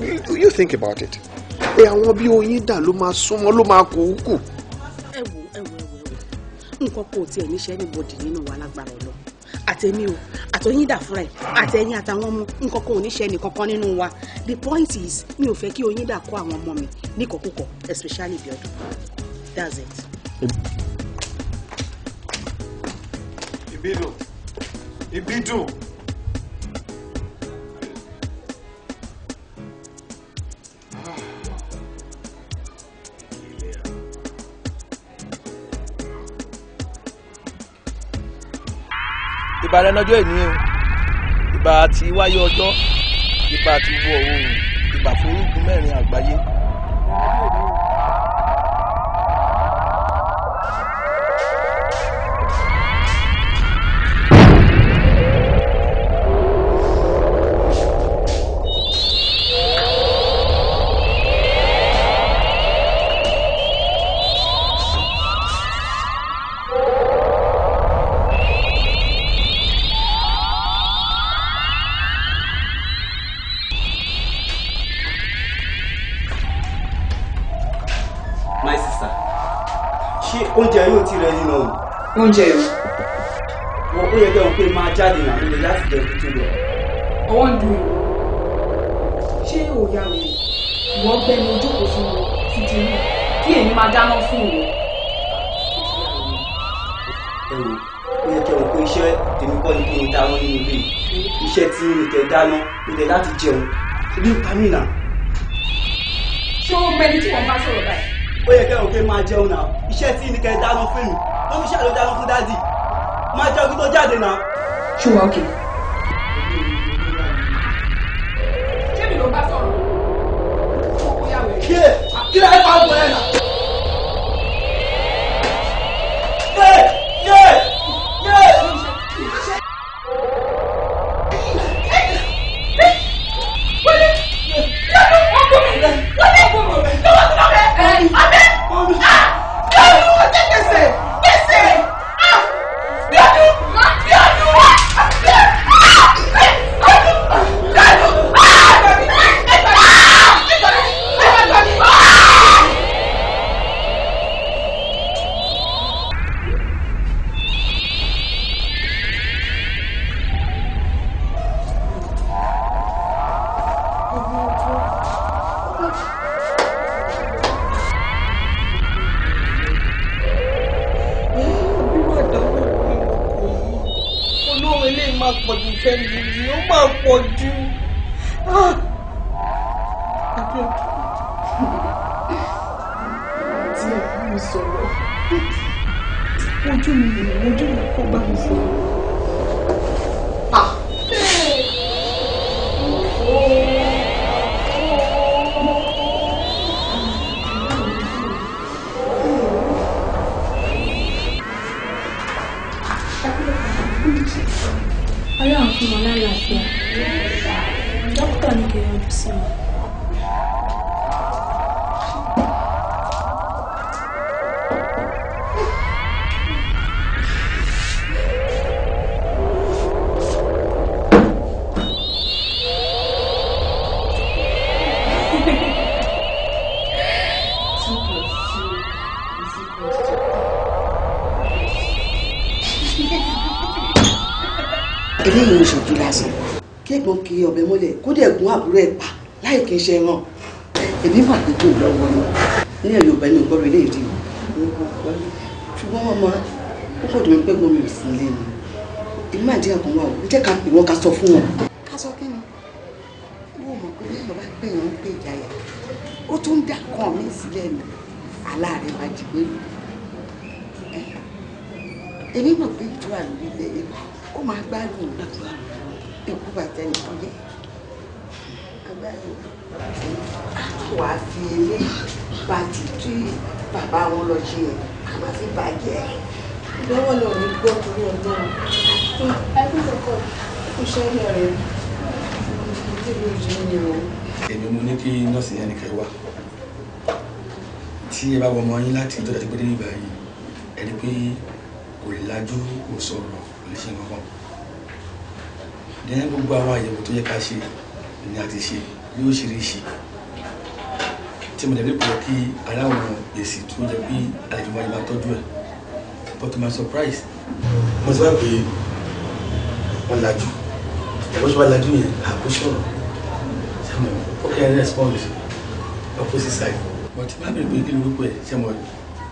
you, you think about it pé àwọn bí oyin dà ló máa súnmọ́ ló máa kó kù. ẹ wo ẹ wo ẹ wo ẹ wo nǹkan kò tiẹ̀ níṣẹ́ ní bòdì nínú wa lágbára ẹ̀ lọ àtẹ̀mí o àtọ̀yìn dà fúnra ẹ̀ àtẹ̀yìn àtàwọn ọmọ nǹkan kò níṣẹ́ ní kankan nínú wa the point is mi ò fẹ́ kí oyin dà kó àwọn ọmọ mi níkọ̀kúkọ̀ especially bí ọdún that's it. ìbí dùn ìbí dùn. ìbàrẹ̀ lọ́jọ́ ìní o ìbà àti wáyé ọjọ́ ìbà àti wọ̀ oòrùn ìbà fún irúgbìn mẹ́rin àgbáyé mí nà. ṣé o mẹni tí wọn bá sọ̀rọ̀ báyìí. ó yẹ kẹ́ òkè máa jẹun náà iṣẹ́ tí ní kẹ́ dáná fún mi wọ́n fi ṣàlọ́ dáná fún dádì máa jẹun kí tó jáde náà. ṣùgbọ́n kìí yìnbọn kí ọ̀bẹ mọ́lẹ̀ kó dẹ̀ gún àbúrò ẹ̀ pa láì kí n ṣe ràn èmi mà pé kò lọ́wọ́ ni nílẹ̀ yorùbá ni ògbọ́rọ̀ ilé ìdí ṣùgbọ́n wọn máa ó kò dùn pé gómìn ò sí ilé ni èmi máa dín àkàn wà ó jẹ́ ká pè wọ́n ká sọ fún wọn. ká sọ kí ni wọ́n mọ̀ pé bẹ́ẹ̀ bá pè wọ́n pè ìjayà ó tún dá kan mí sílẹ̀ ni aláàrẹ máa jí pé èmi mọ̀ pé ìtura ikú bàtẹ́ nìkan jẹ́ agbára wàá fi eléyìí bá ti tú bàbá wọn lọ ṣe yẹn àmọ́ fi bàjẹ́ lọ́wọ́ lọ ní gbọ́ torí ọdún ẹkún kọ̀ọ̀kan kò ṣẹlẹ̀ rẹ̀ níbi ìjọ ni o. èmi mo ní kí nọ́ọ̀sì yẹn nìkan wá tí ẹ bá wọ ọmọ yín láti ìjọba ti gbé dé nígbà yìí ẹni pé kò lajú kò sọ̀rọ̀ kò lè ṣe nǹkan kan dẹ́n gbogbo àwọn àyẹ̀wò tó yẹ ká ṣe ni a ti ṣe yóò ṣe rí ṣe tí mo lè pọ̀ kí ara èsì tó yẹ kí àlejò máa tọ́jú ẹ̀ but to my surprise mo sọ pé wọ́n lajú ẹ̀wọ́n ṣe wá lajú yẹn àbó ṣọ̀rọ̀ sẹ́mo ó kẹ́ ẹ̀ respond opposite side but má bèrè pé kí ló rúkọ ẹ̀ sẹ́mo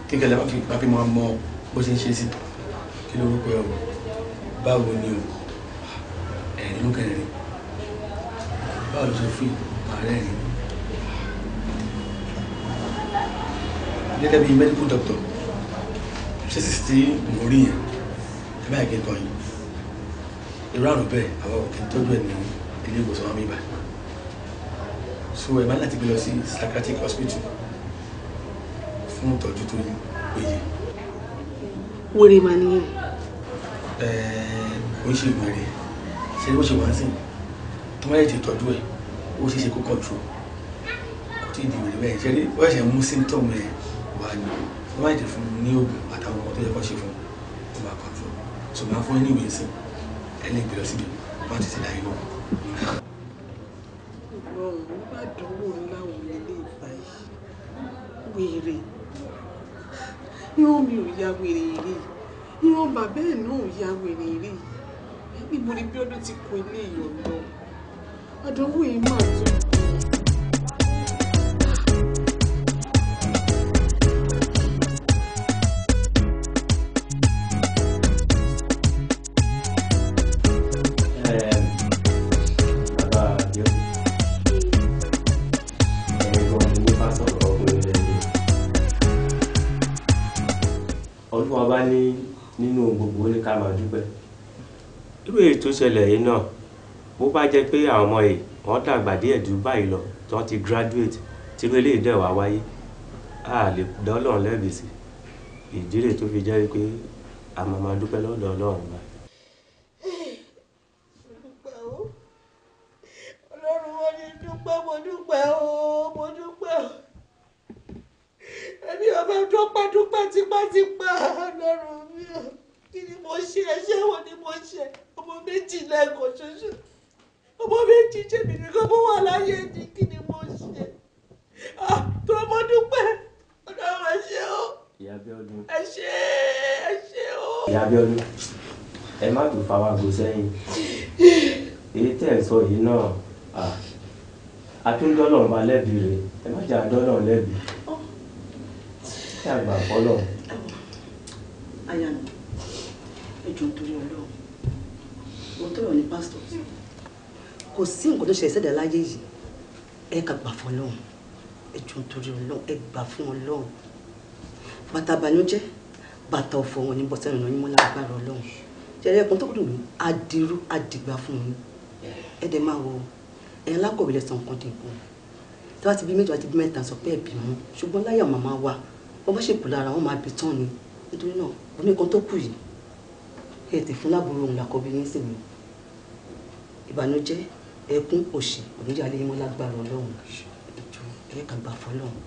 kékeré má fi máa mọ bó ṣe ń ṣe sí kí ló rúkọ ẹ̀ o báwo ni o ẹ̀rín ló kẹrin báwo ló ṣe fi ààrẹ rìn gẹ́gẹ́ bí medical doctor ṣèṣì tí mo rí yẹn ẹ báyìí kí n tọ́ yìí irú àrùn bẹ́ẹ̀ àwọn òkè tọ́jú ẹ̀ ní ilé ìwòsàn wọn bíbá so ẹ máa láti gbé lọ sí psychiatric hospital fún ìtọ́jú tó péye. wèrè màá nìyẹn. ẹ oríṣiríṣi wèrè ṣe bó ṣe wà ń tó má ti tọ́jú ẹ̀ ó ṣeé ṣe kó kọ̀tù kò tí ì di wèrè bẹ́ẹ̀ ó ṣẹ̀ṣẹ̀ mú symptom ẹ̀ wà ní tó má lè fún ní oògùn àtàwọn ọmọ tó yẹ kó ṣe fún ó máa kọ̀tù máa fún ẹ ìwé sìn ẹ lè gbé síbi wọ́n ti ti láyé lọ. ìgbọ̀n nígbà dúró ńlá wò lè lè yìí wèrè irun mi ò ò níbo ni bí ọdún ti kọ ilé ìyọ̀ lọ àdánwò yìí máa tó. ṣẹlẹ̀ yìí náà bó bá jẹ́ pé àwọn ọmọ yìí wọ́n dàgbà díẹ̀ ju báyìí lọ tí wọ́n ti graduate tí irú eléyìí dẹ̀ wá wáyé a lè dá Ọlọ́run lẹ́bi sí ìdí rẹ̀ tó fi jẹ́ pé a máa máa dúpẹ́ lọ́dọ̀ Ọlọ́run báyìí. Ọlọ́run wọn ni dúpẹ́ mo dúpẹ́ o mo dúpẹ́ o ẹbí ọba dúpẹ́ dúpẹ́ tipátipá Ọlọ́run mi o kí ni mo ṣe ẹ̀ṣẹ̀ wo ni mo ṣe ọmọ méjì lẹ́ẹ̀kan ṣoṣo ọmọ méjì jẹ̀bi nìkan mo wà láyé ní kí ni mo ṣe tó ọmọ dúpẹ́ ọ̀dọ́ ọmọ ṣe o ẹ ṣe ẹ ṣe o. ìyá Abíọ́dún ẹ má tó fa wàgò sẹ́yìn èyí tẹ̀ ẹ̀ sọ yìí náà àtúndọ́lọ̀ ma lẹ́bi rẹ̀ ẹ má jà dọ́lọ̀ lẹ́bi kí àgbà fọlọ́. àyà mi ẹ jọ̀ọ́ nítorí Ọlọ́run mo tọrọ ní pásítọ̀ kò sí nǹkan tó ṣe ìṣẹ̀dá láyé yìí ẹ kà gbà fún ọlọ́run ẹ jọ nítorí ọlọ́run ẹ gbà fún ọlọ́run bàtà àbànújẹ́ bàtà ọ̀fọ̀ wọn ní bọ́sẹ̀ ìrìnà yín mọ́ lágbára ọlọ́run jẹ́rẹ́ ẹ̀pọ̀n tó kù mí adirú adìgbà fún mi ẹ dẹ̀ máa wo ẹ̀ lákọ̀wé lẹ́sàn kan dìbò tí wàá ti bí méjì wàá ti bí mẹ́ta sọ pé ẹ̀ bímọ ṣùgbọ́n láyà màmá wa wọ́n bá ṣèkù lára wọn máa bí tán ni nítorí náà omi kan tó kù yìí ẹ̀ tẹ̀ fún láàbùrò òun làkọ́bí yín sì ìbànújẹ́ ẹkún òṣì oníjà lè mọ́ lágbára ọlọ́run ìjọ ẹ kà gbà fọlọ́run.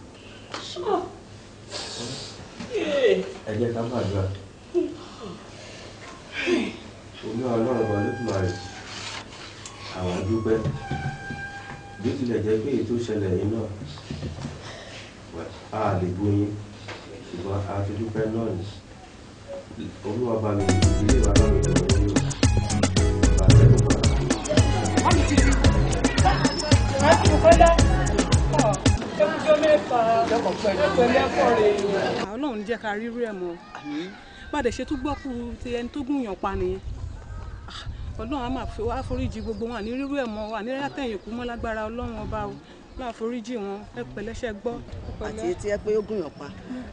ẹ jẹ́ ká gbàdúrà oní ọlọ́run ọba olódùmarè àwọn dúpẹ́ bí ó tilẹ̀ jẹ́ pé èyí tó ṣẹlẹ̀ yìí náà a lè bóyin ṣùgbọ́n a fi dúpẹ́ náà ní olúwa bá mi ìdílé wa lọ́rùn ìdọ̀rọ̀ yìí. ọlọ́run jẹ́ ká rírú ẹ̀ mọ́ bàdẹ̀ ṣe tún gbọ́kú ti ẹni tó gùn yàn pa nìyẹn ọlọ́run á máa fi wá foríjì gbogbo wọn àní rírú ẹ̀ mọ́ àní látẹ̀yìn kú mọ́ lágbára ọlọ́run ọba o máa foríjì wọn ẹ pẹ̀lẹ́ṣẹ̀ gbọ́. àti etí ẹ pé ó gùn yàn pa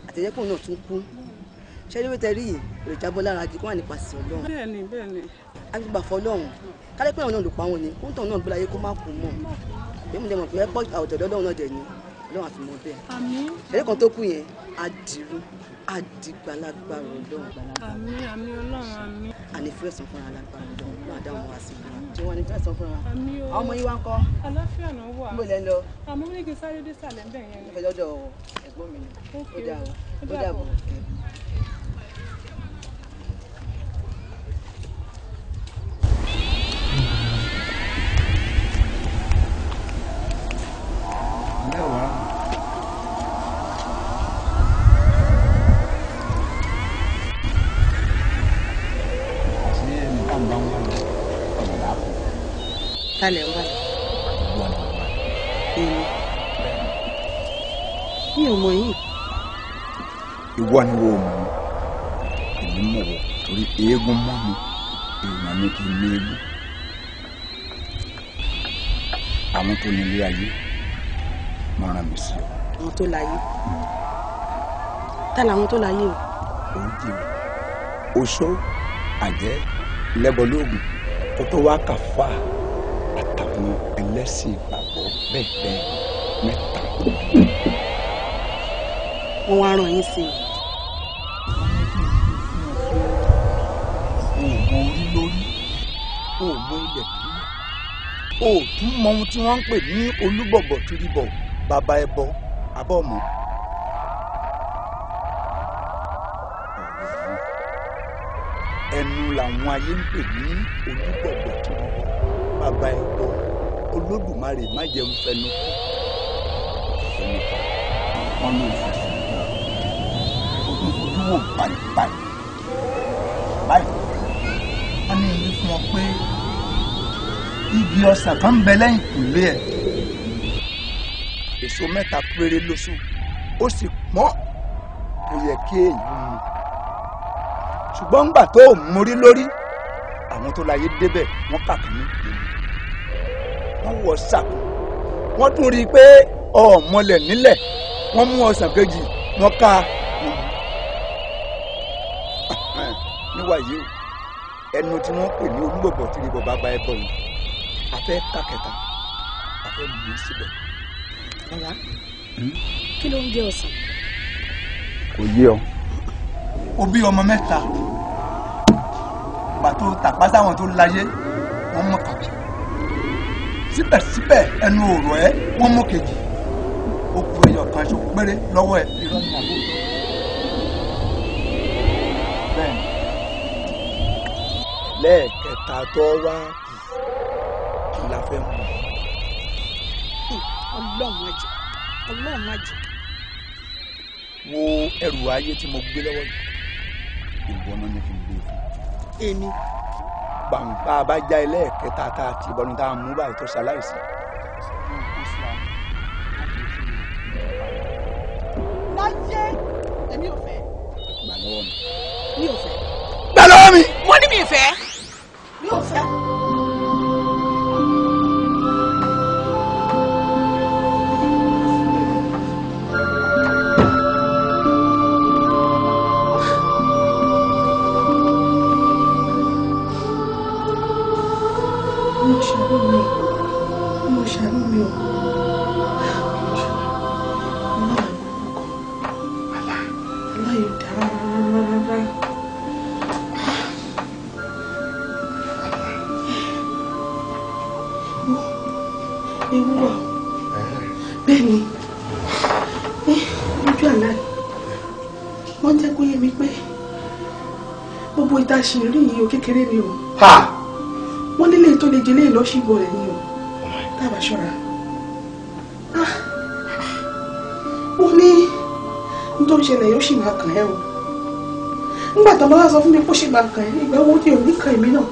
àti ẹ pé òun náà tún kú ṣé ní wíta rí yìí rẹ̀ jábọ́ lára igi kó wà nípasẹ̀ ọlọ́run. bẹ́ẹ̀ni bẹ́ẹ̀ni. agbègbè àfọlọ́run kálẹ́pẹ́ òun náà lò pa wọn ni kóńtàn náà gbé láyé kó má kú mọ́ èmi lè mọ̀ pé ẹ̀pọ̀ àwòtẹ́dọ́ lọ́wọ́ náà dẹ̀ ni ọlọ́run àfi mọ bẹ́ẹ̀ ẹ̀rẹ́ kan tó kù yẹn àdìrú àdìgbàlagbà ọlọ́run gbàlagbà àní fúrẹ́ sàn fúnra lágbára ọlọ́run máa dá wọn wá sí fúnra tí wọ́n ní fúrẹ́ sàn fúnra àwọn ọmọ yín wá ń kọ́ aláfíà náà wà níbo lẹ́ ń lọ àmọ́ mi ní kí sáré dé sàlẹ̀ ń bẹ̀ yẹn lọ́dọ̀ ẹ̀gbọ́n mi ó dà bọ̀ mẹ́wàá. mi ò mọ̀ yìí. ìwọ ni wo mọ̀ èmi mọ̀ wọ́ torí eégún mọ́ mi èèyàn mi kì í ní eégún àwọn tó nílé ayé wọ́n rán mi sí ọ. àwọn tó láyé tá làwọn tó láyé o. oríjì mi oṣó àjẹ́ lẹ́bọ̀lóògùn kó tó wá kàfà àtàwọn ẹlẹ́sìn ìgbàgbọ́ bẹ́ẹ̀ bẹ́ẹ̀ mẹ́ta. wọ́n wá rán yín sí i. oògùn orí lórí oògùn ilẹ̀ nílẹ̀ òòtún mọ ohun tí wọ́n ń pè ní olúbọ̀bọ̀ tìrìbọ̀ Baba ẹbọ abọ́ọ̀mù. ẹnu làwọn ayé ń pè ní olúgbọ̀gbọ̀ tó ń bọ̀ bàbá ẹbọ olódùmarè má jẹun fẹnu fẹnu ọ̀nà ìfẹsẹ̀ ojúwò báyìí báyìí wọ́n ní ìlú fún ọ pé igi ọsàn kan ń bẹ lẹ́yìn kùlé ẹ̀ èso mẹ́ta péré lóṣù ó sì pọ́n tó yẹ kí èyí mu ṣùgbọ́n ńgbà tó mú lórí àwọn tó láyé débẹ̀ wọ́n kàkínní wọ́n wọ sàkó wọ́n tún rí i pé ọ̀ọ́mọlẹ̀ nílẹ̀ wọ́n mú ọsàn kejì wọ́n ká níwáyé o ẹnu tí wọ́n pè ní olúbọ̀bọ̀ tí ní bọ̀bá gba ẹbọ yìí a fẹ́ ká kẹta a fẹ́ mú síbẹ̀ bàbá hmm? kí ló ń jẹ ọ̀sán. kò yé ọ. o bí ọmọ mẹ́ta pàtó tàpá sáwọn tó láyé wọ́n mọ̀ kàkì síbẹ̀síbẹ̀ ẹnu ọ̀rọ̀ ẹ wọ́n mú kejì ó kú ẹyọ kan ṣo péré lọ́wọ́ ẹ irọ́ ni àbó. lẹ́ẹ̀kẹta tó wá ọlọ́run àjò ọlọ́run àjò. wo ẹrù ayé tí mo gbé lọ́wọ́ yìí ìwọ náà ní kí n gbé fún. èmi. gbàǹgbà bá já ilé tá a ti bọ́ni tá a mú báyìí tó ṣaláìsí. láyé èmi ò fẹ́. gbà lọ́wọ́ mi. mi ò fẹ́. gbà lọ́wọ́ mi. mo ní mi fẹ́. kékeré ni o wọ́n nílé tó lè jẹ́ léèlọ́ ṣìbọn rẹ̀ ni o oh tábà ṣọ́ra ó ah! ní nítorí ṣẹlẹ̀ yóò ṣì máa kàn ẹ́ o nígbà tó bá wá sọ fún mi pé ó ṣì máa kàn ẹ́ ìgbà wo ni òun kàn mí náà.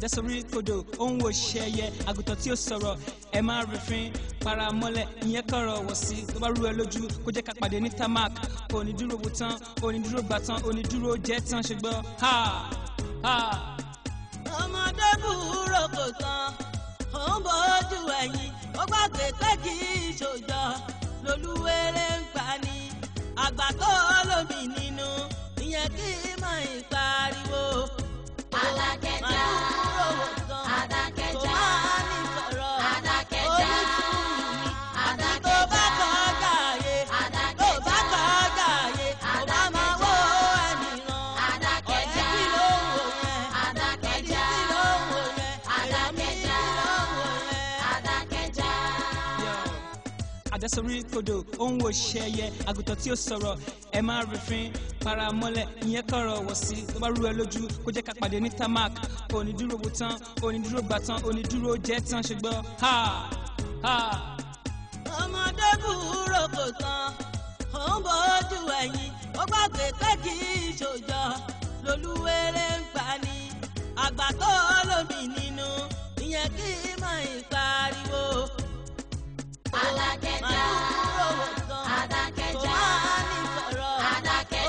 àbẹ́sọ̀rí kodò òun wò ṣẹyẹ àgùntàn tí ó sọ̀rọ̀ ẹ máa rìnfín para mọ́lẹ̀ ìyẹn kọ̀rọ̀ wọ̀ sí tó bá rú ẹ lójú kó jẹ́ ká pàdé ní tamak onídúró wò tán onídúró gbà tán onídúró jẹ́ tán ṣùgbọ́n ha ha. ọmọdé búrò kò tán ó ń bójú ẹ̀yìn ó gbàgbé pé àbẹ́sọ̀rí kodo ó ń wo ṣẹyẹ àgùntàn tí ó sọ̀rọ̀ ẹ máa rìnfín para mọ́lẹ̀ ìyẹn kọ̀rọ̀ wọ̀ sí tó bá rú ẹ lójú kó jẹ́ ká pàdé ní tamak onídúró wo tán onídúró gbà tán onídúró jẹ́ tán ṣùgbọ́n ha ha. ọmọdé kúrò kò tán ó ń bójú ẹ̀yìn ó gbàgbé pé kì í ṣòjọ́ lolúwere ń pa ni àgbà tó lómi nínú ìyẹn kì í mọ ìpariwo adákẹ́já adákẹ́já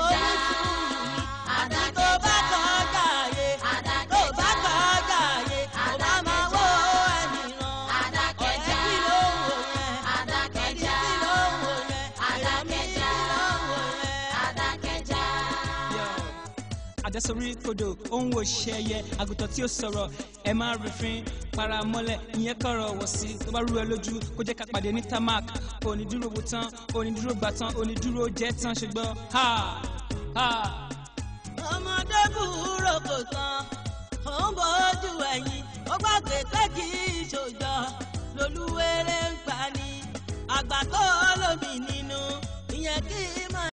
adákẹ́já adákẹ́já. àjẹsórí kodò ó ń wo ṣẹyẹ àgùntàn tí ó sọ̀rọ̀ ẹ máa rìnfín para mọ́lẹ̀ ìyẹn kọ̀rọ̀ wọ̀ sí tó bá rú ẹ lójú kó jẹ́ ká pàdé ní tamak onídúró wo tán onídúró gbà tán onídúró jẹ́ tán ṣùgbọ́n ha ha. ọmọdé kúrò kò tán ó ń bójú ẹ̀yìn ó gbàgbé pé kì í ṣòjọ́ ń pa ni àgbà tó lómi nínú ìyẹn kì í máa.